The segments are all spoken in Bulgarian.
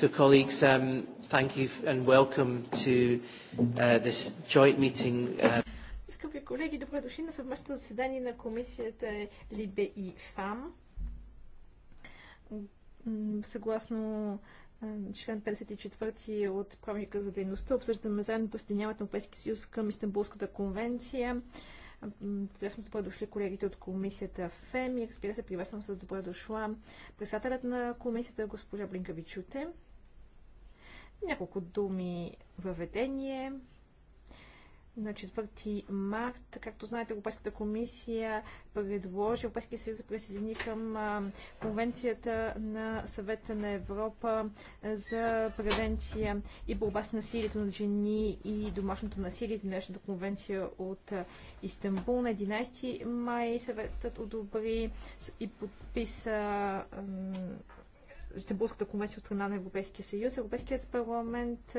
So, colleagues, um, thank you and welcome to uh, this joint meeting. Uh... Скъпи колеги, добре дошли на съвместно заседание на комисията Либе и ФАМ. Съгласно член 54 от правилника за дейността обсъждаме заедно присъединяването на Европейския съюз към Истанбулската конвенция. Приветствам с добре дошли колегите от комисията ФЕМ и разбира се, приветствам с добре дошла председателят на комисията госпожа Блинка Вичуте. Няколко думи въведение. На 4 март, както знаете, Европейската комисия предложи Европейския съюз да присъедини към Конвенцията на съвета на Европа за превенция и борба с насилието на жени и домашното насилие, днешната конвенция от Истанбул. На 11 май съветът одобри и подписа Стамбулската конвенция от страна на Европейския съюз. Европейският парламент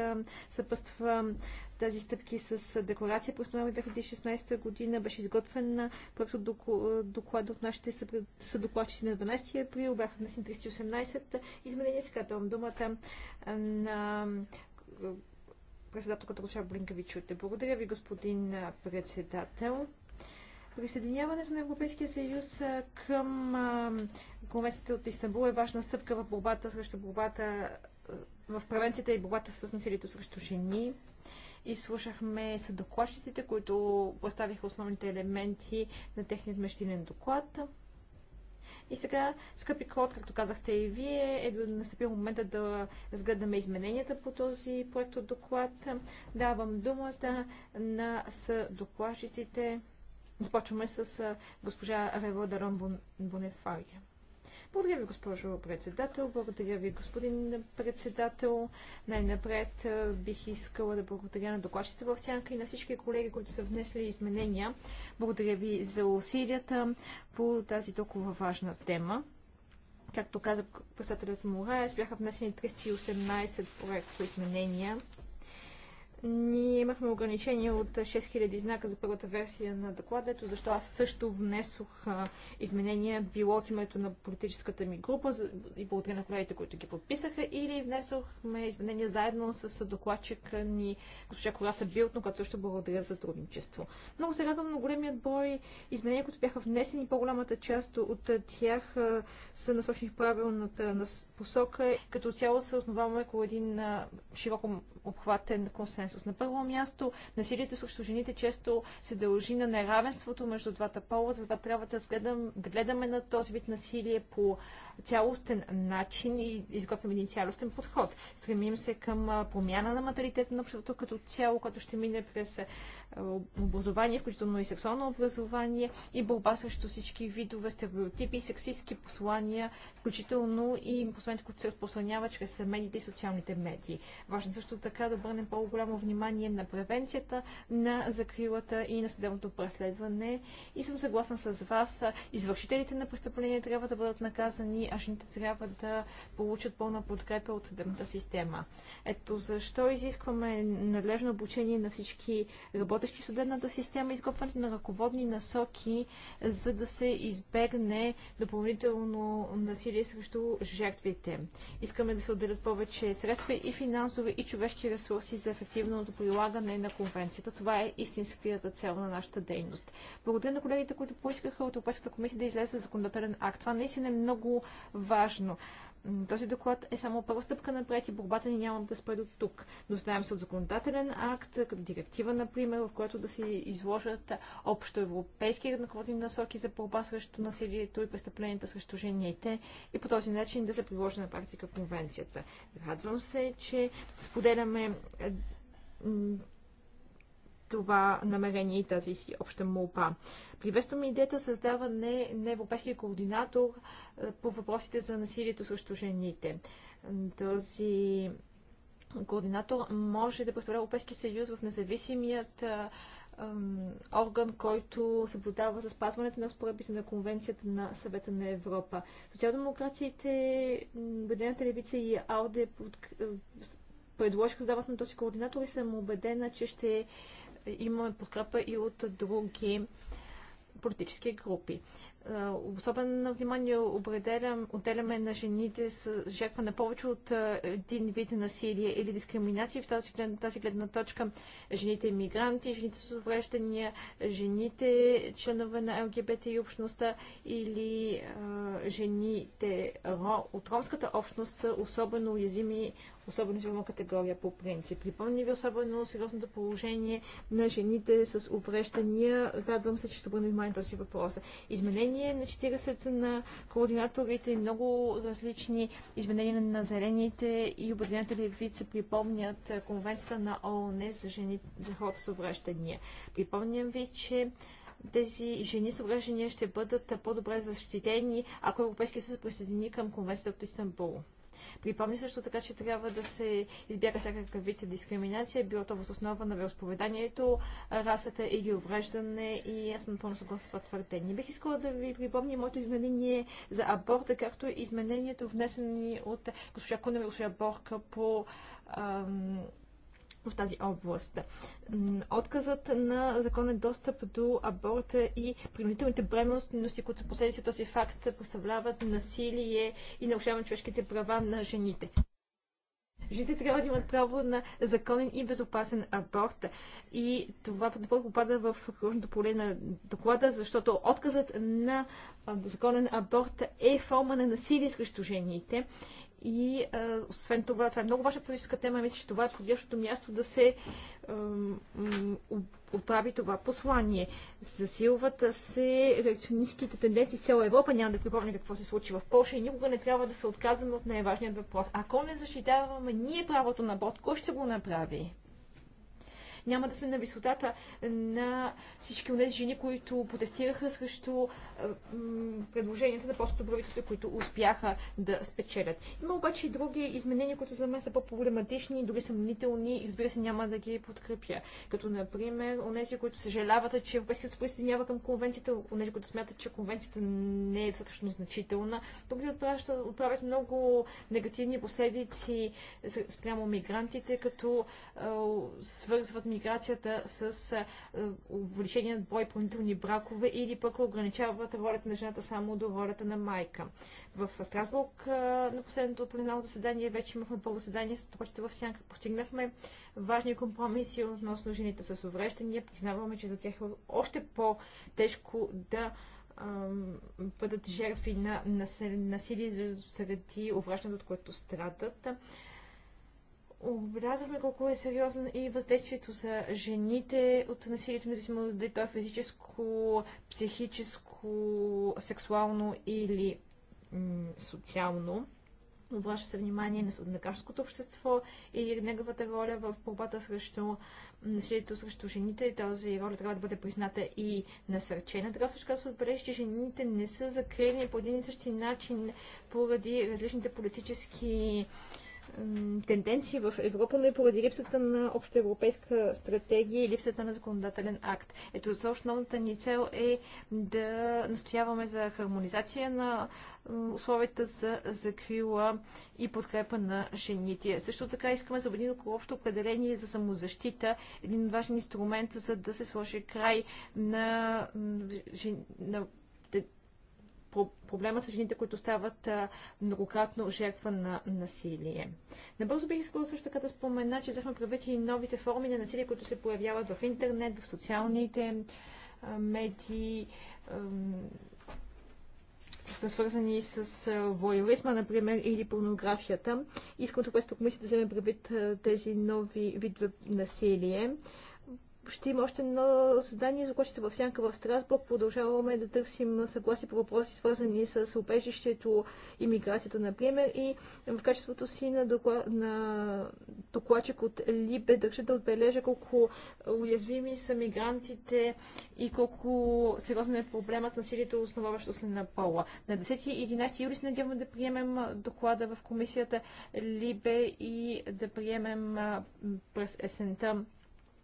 съпъства тази стъпки с декларация през ноември 2016 година. Беше изготвен на първото доклад от нашите съдокладчици на 12 април. Бяха внесени 318 изменения. Сега давам думата на председателката госпожа Блинкавичуте. Благодаря ви, господин председател. Присъединяването на Европейския съюз към Конвенцията от Истанбул е важна стъпка в борбата срещу борбата е, в превенцията и борбата с насилието срещу жени. И слушахме съдокладчиците, които представиха основните елементи на техният мещинен доклад. И сега, скъпи Клод, както казахте и вие, е настъпил момента да разгледаме измененията по този проект от доклад. Давам думата на съдокладчиците. Започваме с госпожа Рево Дарон Бонефария. Благодаря ви, госпожо председател. Благодаря ви, господин председател. Най-напред бих искала да благодаря на докладчите в сянка и на всички колеги, които са внесли изменения. Благодаря ви за усилията по тази толкова важна тема. Както каза председателят Мораес, бяха внесени 318 проекта изменения ние имахме ограничение от 6000 знака за първата версия на доклада, ето защо аз също внесох изменения, било от името на политическата ми група и благодаря на колегите, които ги подписаха, или внесохме изменения заедно с докладчика ни, госпожа Кораца Билтно, която също благодаря за трудничество. Много се радвам на големият брой изменения, които бяха внесени, по-голямата част от тях са насочени в правилната посока. Като цяло се основаваме около един широко обхватен консенсус равенство. На първо място, насилието срещу жените често се дължи на неравенството между двата пола, затова трябва да, сгледам, да гледаме на този вид насилие по цялостен начин и изготвим един цялостен подход. Стремим се към промяна на материтета на обществото като цяло, като ще мине през е, образование, включително и сексуално образование и борба срещу всички видове стереотипи, сексистски послания, включително и посланието, които се разпространява чрез медиите и социалните медии. Важно също така да обърнем по-голямо внимание на превенцията, на закрилата и на съдебното преследване. И съм съгласна с вас, извършителите на престъпления трябва да бъдат наказани, а жените трябва да получат пълна подкрепа от съдебната система. Ето защо изискваме надлежно обучение на всички работници работещи в съдебната система, изготвянето на ръководни насоки, за да се избегне допълнително насилие срещу жертвите. Искаме да се отделят повече средства и финансови, и човешки ресурси за ефективното прилагане на конвенцията. Това е истинската цел на нашата дейност. Благодаря на колегите, които поискаха от Европейската комисия да излезе законодателен акт. Това наистина е много важно. Този доклад е само първа стъпка напред и борбата ни няма да спре до тук. Нуждаем се от законодателен акт, като директива, например, в която да се изложат общо европейски насоки за борба срещу насилието и престъпленията срещу жените и по този начин да се приложи на практика конвенцията. Радвам се, че споделяме това намерение и тази си обща молба. Приветствам идеята създаване на европейския координатор е, по въпросите за насилието срещу жените. Този координатор може да представлява Европейски съюз в независимият е, орган, който съблюдава за спазването на споредбите на Конвенцията на Съвета на Европа. Социал-демократите, Бъдената левица и АОД е, предложиха създаването на този координатор и съм убедена, че ще имаме подкрепа и от други политически групи. Особено внимание определям, отделяме на жените с жертва на повече от един вид насилие или дискриминация. В тази, тази гледна точка жените мигранти, жените с увреждания, жените членове на ЛГБТ и общността или а, жените от ромската общност са особено уязвими особено силна категория по принцип. Припомни ви особено сериозното положение на жените с увреждания. Радвам се, че ще бъде внимание този въпрос. Изменение на 40 на координаторите, много различни изменения на зелените и обединените левица припомнят конвенцията на ООН за, жени, за хората с увреждания. Припомням ви, че тези жени с увреждания ще бъдат по-добре защитени, ако Европейския съюз присъедини към конвенцията от Истанбул. Припомни също така, че трябва да се избяга всякакъв вид дискриминация, било то въз основа на вероисповеданието, расата или увреждане и аз съм напълно съгласна с това твърдение. Бих искала да ви припомня моето изменение за аборта, както и изменението внесено от госпожа Кунева и госпожа Борка по ам, в тази област. Отказът на законен достъп до аборта и принудителните бременности, които са последици от този факт, представляват насилие и нарушаване на човешките права на жените. Жените трябва да имат право на законен и безопасен аборт. И това протокол попада в кружното поле на доклада, защото отказът на законен аборт е форма на насилие срещу жените и а, освен това, това е много ваша политическа тема. Мисля, че това е подходящото място да се оправи това послание. Засилват се реакционистските тенденции в цяла Европа. Няма да припомня какво се случи в Польша и никога не трябва да се отказваме от най-важният въпрос. Ако не защитаваме ние правото на бот, кой ще го направи? няма да сме на висотата на всички от тези жени, които протестираха срещу предложенията на просто правителство, които успяха да спечелят. Има обаче и други изменения, които за мен са по-проблематични, дори съмнителни и разбира се няма да ги подкрепя. Като например, онези, които съжаляват, че Европейският съюз присъединява към конвенцията, онези, които смятат, че конвенцията не е достатъчно значителна. Тук отправят много негативни последици спрямо мигрантите, като свързват мигрантите миграцията с е, е, увеличения брой пълнителни бракове или пък ограничават ролята на жената само до ролята на майка. В Страсбург е, на последното пленарно заседание вече имахме първо заседание с докладчите в Сянка. Постигнахме важни компромиси относно жените с увреждания. Признаваме, че за тях е още по-тежко да бъдат жертви на насилие заради увреждането, от което страдат. Обелязахме колко е сериозно и въздействието за жените от насилието, независимо дали то е физическо, психическо, сексуално или социално. Обръща се внимание на суднакарското общество и неговата роля в борбата срещу насилието срещу жените. Тази роля трябва да бъде призната и насърчена. Така също да се отбележи, че жените не са закрени по един и същи начин поради различните политически тенденция в Европа, но и поради липсата на общоевропейска стратегия и липсата на законодателен акт. Ето за основната ни цел е да настояваме за хармонизация на условията за закрила и подкрепа на жените. Също така искаме за един около общо определение за самозащита, един важен инструмент, за да се сложи край на, на проблема с жените, които стават многократно жертва на насилие. Набързо бих искала също така да спомена, че взехме предвид и новите форми на насилие, които се появяват в интернет, в социалните медии, които са свързани с воюризма, например, или порнографията. Искам тук, Европейската комисията да вземе предвид тези нови видове насилие ще има още едно задание, за което ще в сянка в Страсбург. Продължаваме да търсим съгласие по въпроси, свързани с убежището и миграцията, например. И в качеството си на, докла... на докладчик от Либе държа да отбележа колко уязвими са мигрантите и колко сериозен е проблемът с насилието, основаващо се на пола. На 10 и 11 юли се надяваме да приемем доклада в комисията Либе и да приемем през есента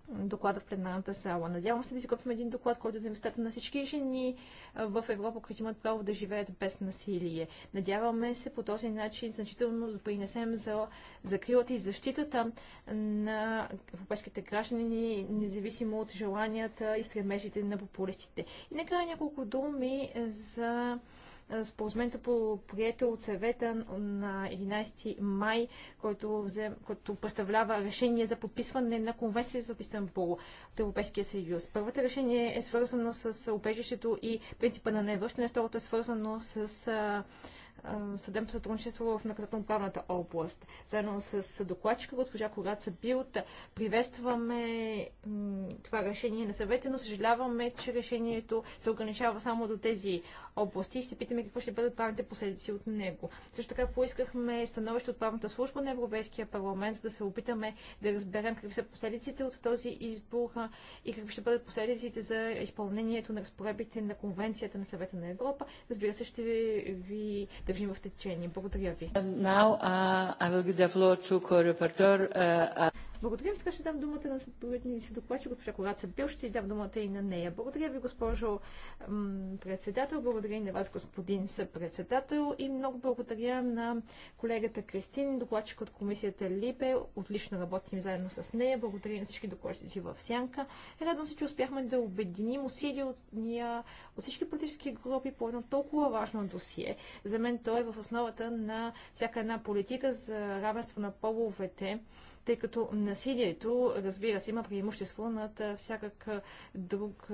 доклада в пленарната сала. Надявам се да изготвим един доклад, който да местата на всички жени в Европа, които имат право да живеят без насилие. Надяваме се по този начин значително да принесем за закрилата и защитата на европейските граждани, независимо от желанията и стремежите на популистите. И накрая няколко думи за споразумението по прието от съвета на 11 май, който, взем, който представлява решение за подписване на конвенцията в Истанбул от Европейския съюз. Първото решение е свързано с обежището и принципа на невръщане, второто е свързано с съдебно сътрудничество в наказателно-правната област. Заедно с докладчика госпожа Кораца Билт приветстваме това решение на съвета, но съжаляваме, че решението се ограничава само до тези области и се питаме какво ще бъдат правните последици от него. Също така поискахме становище от правната служба на Европейския парламент, за да се опитаме да разберем какви са последиците от този избор и какви ще бъдат последиците за изпълнението на разпоредбите на Конвенцията на съвета на Европа. Разбира се, ще ви държим в течение. Благодаря ви. Now, uh, благодаря ви. Сега ще дам думата на сътрудни си докладчик, госпожа Кораца Бил. Ще дам думата и на нея. Благодаря ви, госпожо председател. Благодаря и на вас, господин съпредседател. И много благодаря на колегата Кристин, докладчик от комисията Либе. Отлично работим заедно с нея. Благодаря на всички докладчици в Сянка. Радвам се, че успяхме да обединим усилия от, ния, от всички политически групи по едно толкова важно досие. За мен той е в основата на всяка една политика за равенство на половете тъй като насилието, разбира се, има преимущество над всякак друг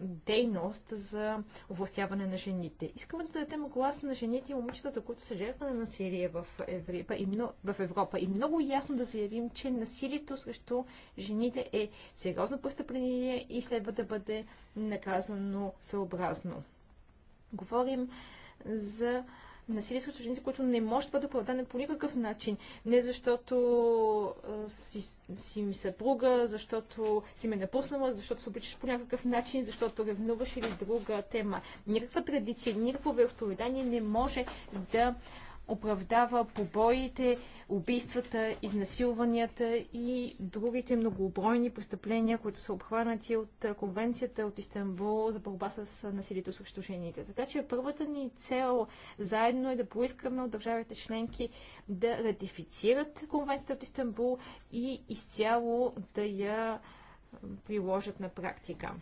дейност за овластяване на жените. Искаме да дадем глас на жените и момичетата, които са жертва на насилие в Европа и, много, в Европа. И много ясно да заявим, че насилието срещу жените е сериозно престъпление и следва да бъде наказано съобразно. Говорим за насилие срещу жените, което не може да бъде оправдано по никакъв начин. Не защото си, си ми съпруга, защото си ме напуснала, защото се обичаш по някакъв начин, защото ревнуваш или друга тема. Никаква традиция, никакво вероисповедание не може да оправдава побоите, убийствата, изнасилванията и другите многобройни престъпления, които са обхванати от Конвенцията от Истанбул за борба с насилието срещу жените. Така че първата ни цел заедно е да поискаме от държавите членки да ратифицират Конвенцията от Истанбул и изцяло да я приложат на практика.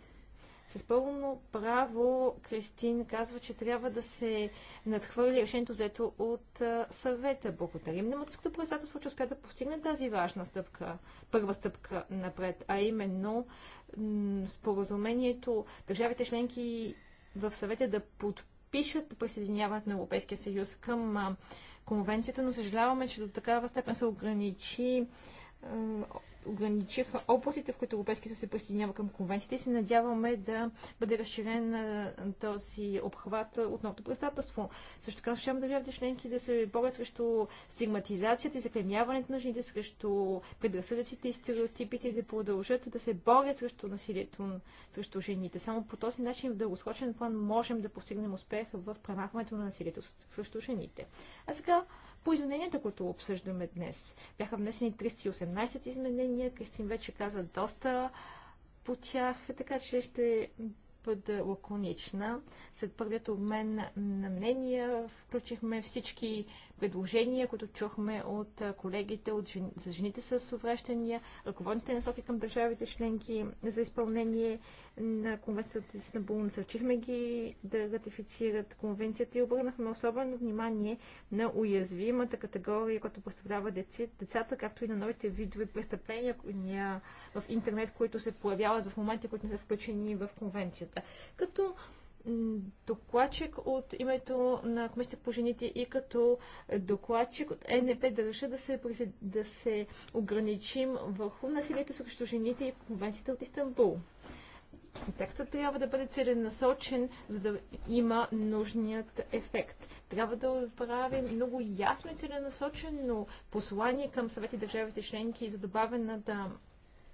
С пълно право Кристин казва, че трябва да се надхвърли решението взето от съвета. Благодарим на Мъдрското председателство, че успя да постигне тази важна стъпка, първа стъпка напред, а именно споразумението държавите членки в съвета да подпишат присъединяването на Европейския съюз към конвенцията, но съжаляваме, че до такава степен се ограничи ограничиха областите, в които Европейския съюз се присъединява към конвенцията и се надяваме да бъде разширен този обхват от новото председателство. Също така ще държавите членки да се борят срещу стигматизацията и заклемяването на жените, срещу предразсъдъците и стереотипите и да продължат да се борят срещу насилието срещу жените. Само по този начин в дългосрочен план можем да постигнем успех в премахването на насилието срещу жените. А сега по измененията, които обсъждаме днес. Бяха внесени 318 изменения, Кристин вече каза доста по тях, така че ще бъда лаконична. След първият обмен на мнения включихме всички предложения, които чухме от колегите от жен... за жените с увреждания, ръководните насоки към държавите членки за изпълнение на конвенцията от Истанбул. Насърчихме ги да ратифицират конвенцията и обърнахме особено внимание на уязвимата категория, която представлява децата, както и на новите видове престъпления в интернет, които се появяват в момента, които не са включени в конвенцията. Като докладчик от името на Комисията по жените и като докладчик от НП държа да се, да се ограничим върху насилието срещу жените и конвенцията от Истанбул. Текстът трябва да бъде целенасочен, за да има нужният ефект. Трябва да отправим много ясно и целенасочено послание към съвети държавите членки за добавената да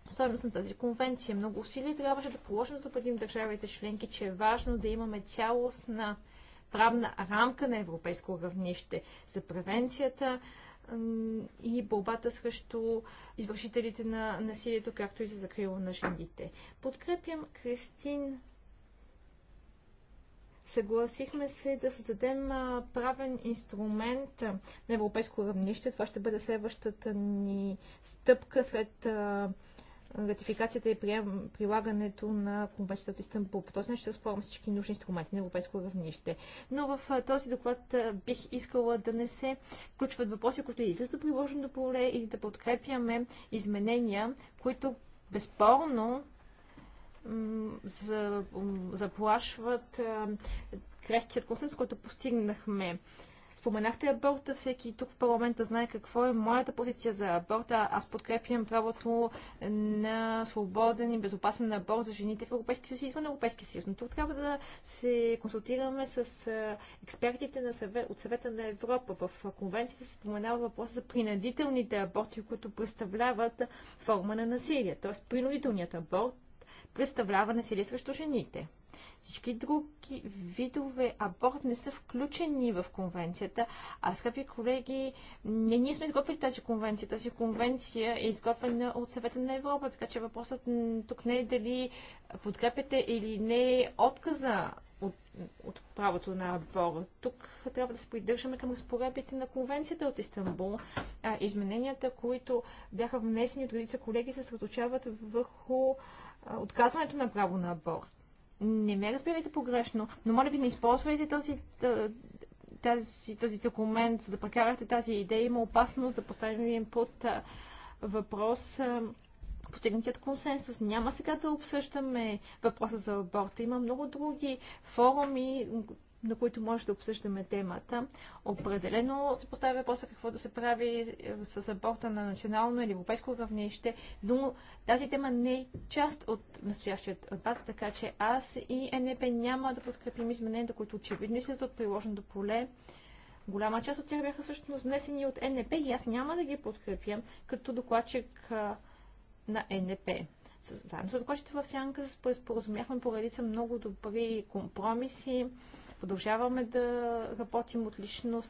стоеност на тази конвенция. Много усилия трябваше да положим, за предим държавите членки, че е важно да имаме цялостна правна рамка на европейско равнище за превенцията и борбата срещу извършителите на насилието, както и за закрила на жените. Подкрепям Кристин. Съгласихме се да създадем правен инструмент на европейско равнище. Това ще бъде следващата ни стъпка след ратификацията и прилагането на конвенцията от Истанбул. По този начин ще разполагам всички нужни инструменти на европейско равнище. Но в този доклад бих искала да не се включват въпроси, които е или са приложено до поле, или да подкрепяме изменения, които безспорно заплашват крехкият консенсус, който постигнахме Споменахте аборта, всеки тук в парламента знае какво е моята позиция за аборта. Аз подкрепям правото на свободен и безопасен аборт за жените в Европейския съюз и извън Европейския съюз. Но тук трябва да се консултираме с експертите на съвет, от съвета на Европа. В конвенцията се споменава въпрос за принудителните аборти, които представляват форма на насилие. Тоест принудителният аборт представлява насилие срещу жените. Всички други видове аборт не са включени в конвенцията. А, скъпи колеги, не ние сме изготвили тази конвенция. Тази конвенция е изготвена от съвета на Европа, така че въпросът тук не е дали подкрепяте или не е отказа от, от правото на аборт. Тук трябва да се придържаме към разпоредбите на конвенцията от Истанбул. А, измененията, които бяха внесени от редица колеги, се съсредоточават върху а, отказването на право на аборт. Не ме разбирайте погрешно, но моля ви не използвайте този, тази, този документ, за да прекарате тази идея. Има опасност да поставим под въпрос постигнатият консенсус. Няма сега да обсъждаме въпроса за аборта. Има много други форуми, на които може да обсъждаме темата. Определено се поставя въпроса какво да се прави е, с аборта на национално или европейско равнище, но тази тема не е част от настоящият дебат, така че аз и НЕП няма да подкрепим измененията, които очевидно излизат от приложеното поле. Голяма част от тях бяха всъщност внесени от НЕП и аз няма да ги подкрепям като докладчик на НЕП заедно с докладчите в Сянка споразумяхме по редица много добри компромиси, Продължаваме да работим отлично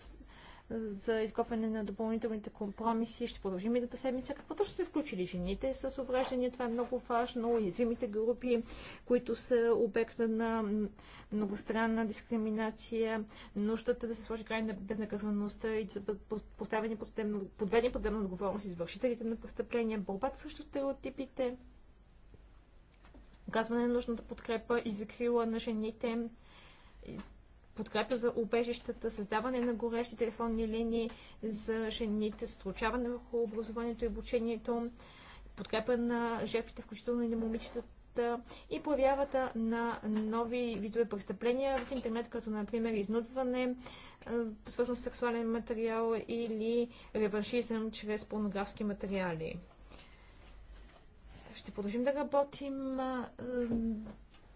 за изготвяне на допълнителните компромиси. Ще продължим и дата седмица. Какво точно сме включили жените с увреждания? Това е много важно. Уязвимите групи, които са обекта на многостранна дискриминация, нуждата да се сложи край на безнаказаността и да са поставени подведени под съдебна отговорност извършителите на престъпления, борбата срещу стереотипите, оказване на нужната подкрепа и закрила на жените, подкрепа за убежищата, създаване на горещи телефонни линии за жените, стручаване върху образованието и обучението, подкрепа на жертвите, включително и на момичетата и появявата на нови видове престъпления в интернет, като например изнудване, свързано с сексуален материал или реваншизъм чрез порнографски материали. Ще продължим да работим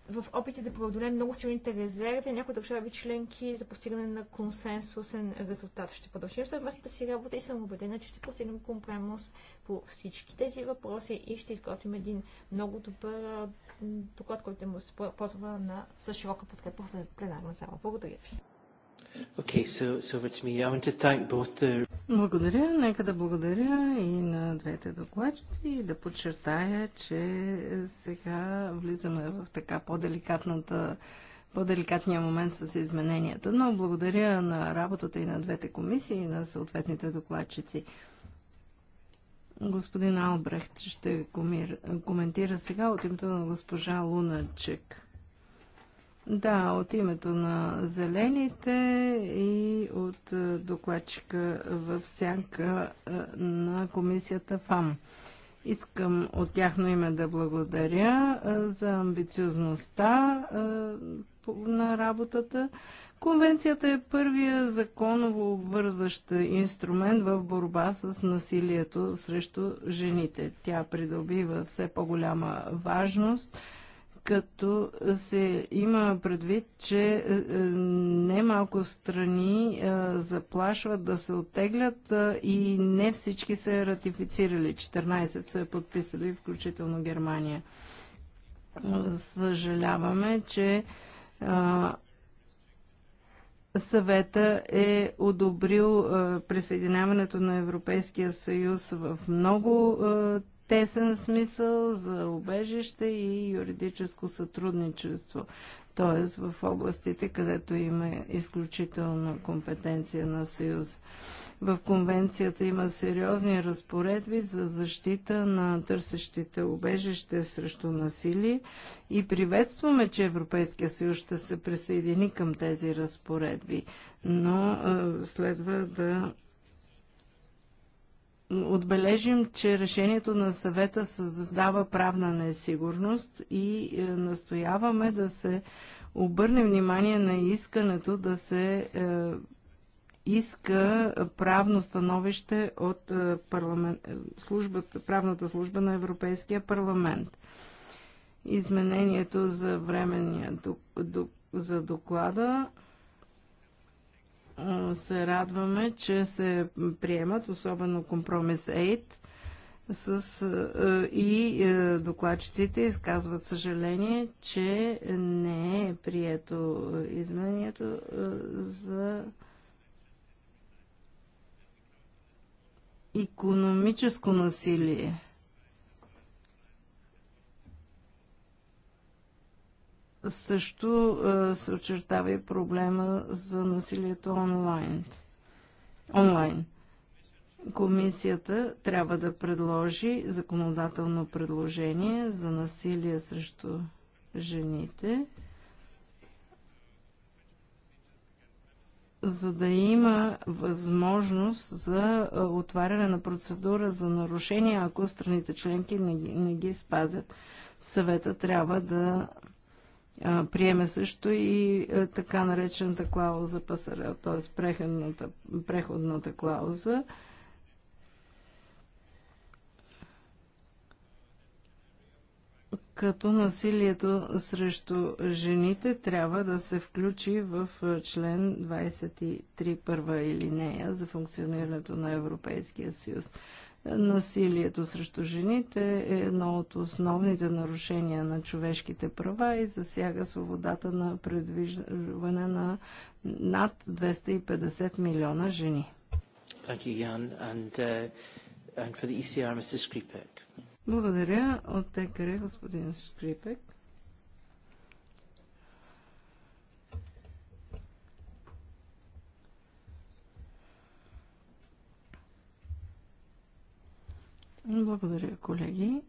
в опити да преодолеем много силните резерви някои държави членки за постигане на консенсусен резултат. Ще продължим съвместната си работа и съм убедена, че ще постигнем компромис по всички тези въпроси и ще изготвим един много добър доклад, който му се ползва на, с широка подкрепа в пленарна зала. Благодаря ви. Okay, so, so over to me. I want to thank both the... Благодаря. Нека да благодаря и на двете докладчици и да подчертая, че сега влизаме в така по-деликатната по-деликатния момент с измененията. Но благодаря на работата и на двете комисии и на съответните докладчици. Господин Албрехт ще коментира сега от името на госпожа Луначек. Да, от името на Зелените и от е, докладчика в сянка е, на комисията ФАМ. Искам от тяхно име да благодаря е, за амбициозността на работата. Конвенцията е първия законово обвързващ инструмент в борба с насилието срещу жените. Тя придобива все по-голяма важност – като се има предвид, че е, е, немалко страни е, заплашват да се оттеглят и не всички са ратифицирали. 14 са подписали, включително Германия. Съжаляваме, че съвета е одобрил присъединяването на Европейския съюз в много тесен смисъл за убежище и юридическо сътрудничество, т.е. в областите, където има изключителна компетенция на съюз. В конвенцията има сериозни разпоредби за защита на търсещите убежище срещу насилие и приветстваме, че Европейския съюз ще се присъедини към тези разпоредби, но е, следва да отбележим, че решението на съвета създава правна несигурност и е, настояваме да се обърне внимание на искането да се е, иска правно становище от е, е, службата, правната служба на Европейския парламент. Изменението за временния док, док, за доклада се радваме, че се приемат, особено компромис 8, с, и докладчиците изказват съжаление, че не е прието изменението за економическо насилие. Също е, се очертава и проблема за насилието онлайн. онлайн. Комисията трябва да предложи законодателно предложение за насилие срещу жените, за да има възможност за е, отваряне на процедура за нарушения, ако страните членки не, не ги спазят. Съвета трябва да приеме също и е, така наречената клауза пасара, т.е. Преходната, преходната клауза. Като насилието срещу жените трябва да се включи в е, член 23 първа или нея за функционирането на Европейския съюз. Насилието срещу жените е едно от основните нарушения на човешките права и засяга свободата на предвиждане на над 250 милиона жени. Uh, e Благодаря. От ТКР господин Скрипек. Благодаря, колеги.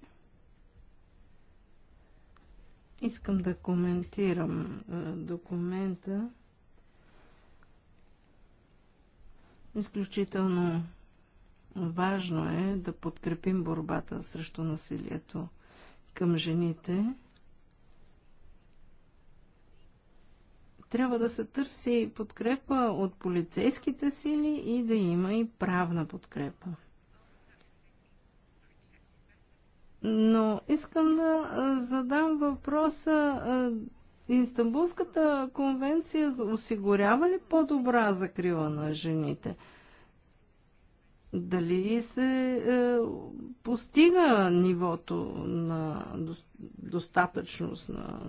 Искам да коментирам е, документа. Изключително важно е да подкрепим борбата срещу насилието към жените. Трябва да се търси подкрепа от полицейските сили и да има и правна подкрепа. Но искам да задам въпроса. Инстанбулската конвенция осигурява ли по-добра закрила на жените? Дали се е, постига нивото на достатъчност на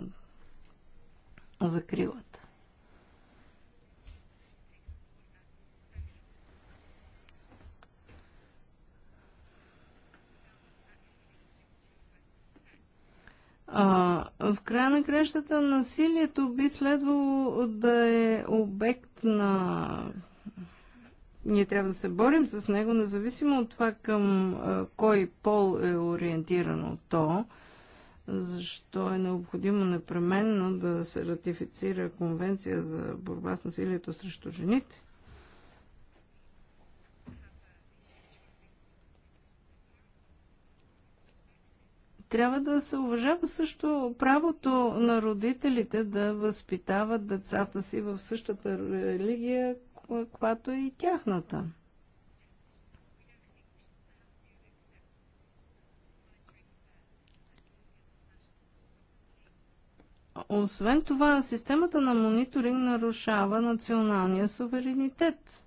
закрилата? в края на кращата насилието би следвало да е обект на... Ние трябва да се борим с него, независимо от това към кой пол е ориентирано то, защо е необходимо непременно да се ратифицира конвенция за борба с насилието срещу жените. Трябва да се уважава също правото на родителите да възпитават децата си в същата религия, каквато е и тяхната. Освен това, системата на мониторинг нарушава националния суверенитет.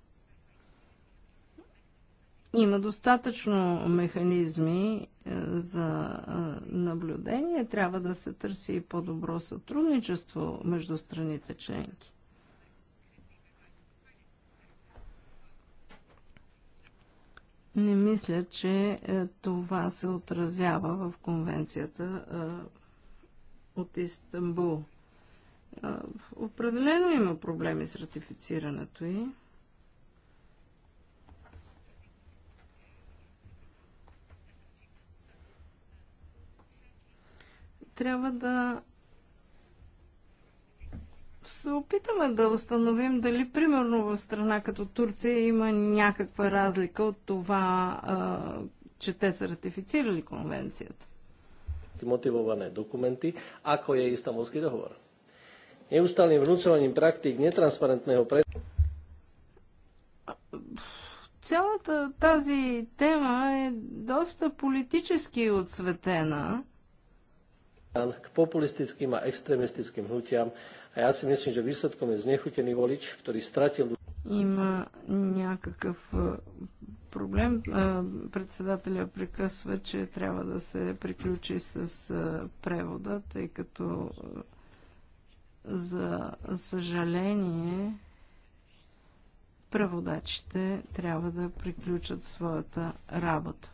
Има достатъчно механизми е, за е, наблюдение. Трябва да се търси и по-добро сътрудничество между страните членки. Не мисля, че е, това се отразява в конвенцията от Истанбул. Определено има проблеми с ратифицирането и. трябва да се опитаме да установим дали примерно в страна като Турция има някаква разлика от това, че те са ратифицирали конвенцията. Motivované dokumenty, ako je istambulský dohovor. Neustálým vnúcovaním praktík netransparentného pre... Цялата тази тема е доста политически отсветена k populistickým a extrémistickým hnutiam а аз си мислим, че výsledком е знехутен волич, който стратил... Има някакъв е, проблем. Е, председателя прекъсва, че трябва да се приключи с е, превода, тъй като за съжаление преводачите трябва да приключат своята работа.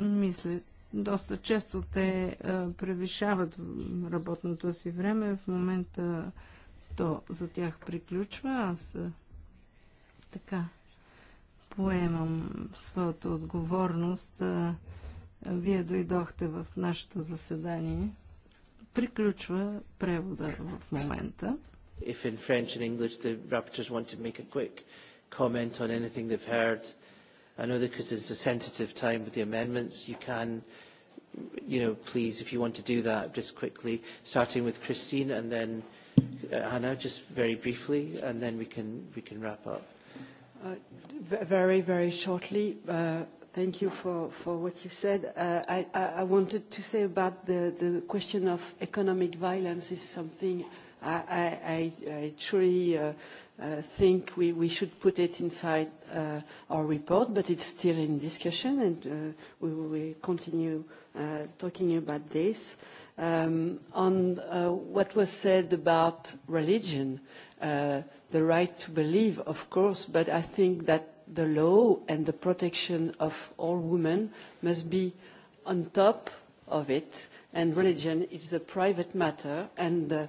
мисля, доста често те превишават работното си време. В момента то за тях приключва. Аз така поемам своята отговорност. Вие дойдохте в нашето заседание. Приключва превода в момента. If in French and English the rapporteurs want to make a quick comment on anything they've heard, I know that because it's a sensitive time with the amendments, you can, you know, please, if you want to do that, just quickly, starting with Christine and then uh, Hannah, just very briefly, and then we can, we can wrap up. Uh, very, very shortly. Uh, thank you for, for what you said. Uh, I, I wanted to say about the, the question of economic violence is something I, I, I, I truly uh, think we, we should put it inside uh, our report, but it's still in discussion and uh, we will continue uh, talking about this. Um, on uh, what was said about religion, uh, the right to believe, of course, but I think that the law and the protection of all women must be on top of it and religion is a private matter and the,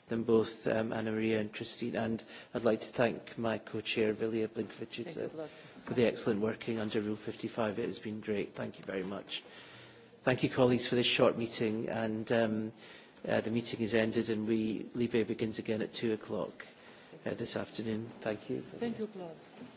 them both, um, Anna Maria and Christine. And I'd like to thank my co-chair, Vilia Blinkovic, for the excellent working under Rule 55. It has been great. Thank you very much. Thank you, colleagues, for this short meeting. And um, uh, the meeting is ended, and we Libe begins again at 2 o'clock uh, this afternoon. Thank you. Thank you, Claude.